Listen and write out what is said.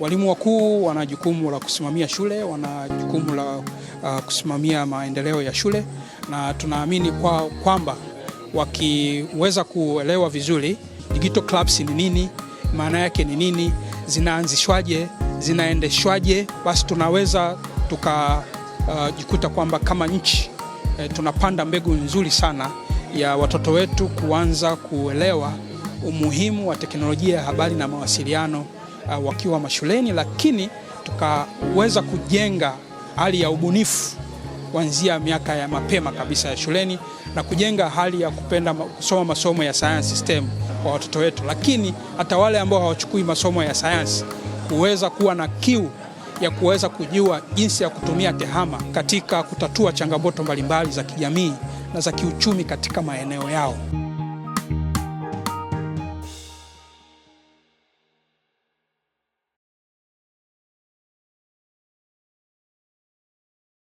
Walimu wakuu wana jukumu la kusimamia shule, wana jukumu la uh, kusimamia maendeleo ya shule, na tunaamini kwa kwamba wakiweza kuelewa vizuri digital clubs ni nini, maana yake ni nini, zinaanzishwaje, zinaendeshwaje, basi tunaweza tukajikuta uh, kwamba kama nchi eh, tunapanda mbegu nzuri sana ya watoto wetu kuanza kuelewa umuhimu wa teknolojia ya habari na mawasiliano. Uh, wakiwa mashuleni, lakini tukaweza kujenga hali ya ubunifu kuanzia miaka ya mapema kabisa ya shuleni na kujenga hali ya kupenda kusoma masomo ya science system kwa watoto wetu, lakini hata wale ambao hawachukui masomo ya sayansi kuweza kuwa na kiu ya kuweza kujua jinsi ya kutumia tehama katika kutatua changamoto mbalimbali za kijamii na za kiuchumi katika maeneo yao.